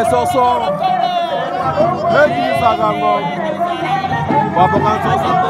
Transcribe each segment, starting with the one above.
Ndiaye Sokh Sokh Ndiaye Sokh Sokh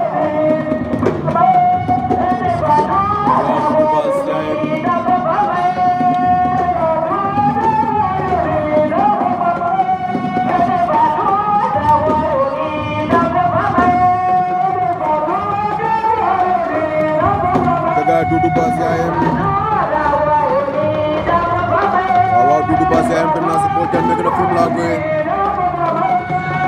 waaye Doudou Basse yaayam waaw waaw Doudou Basse yaayam dem naa si boo jël nekk na fi mu laa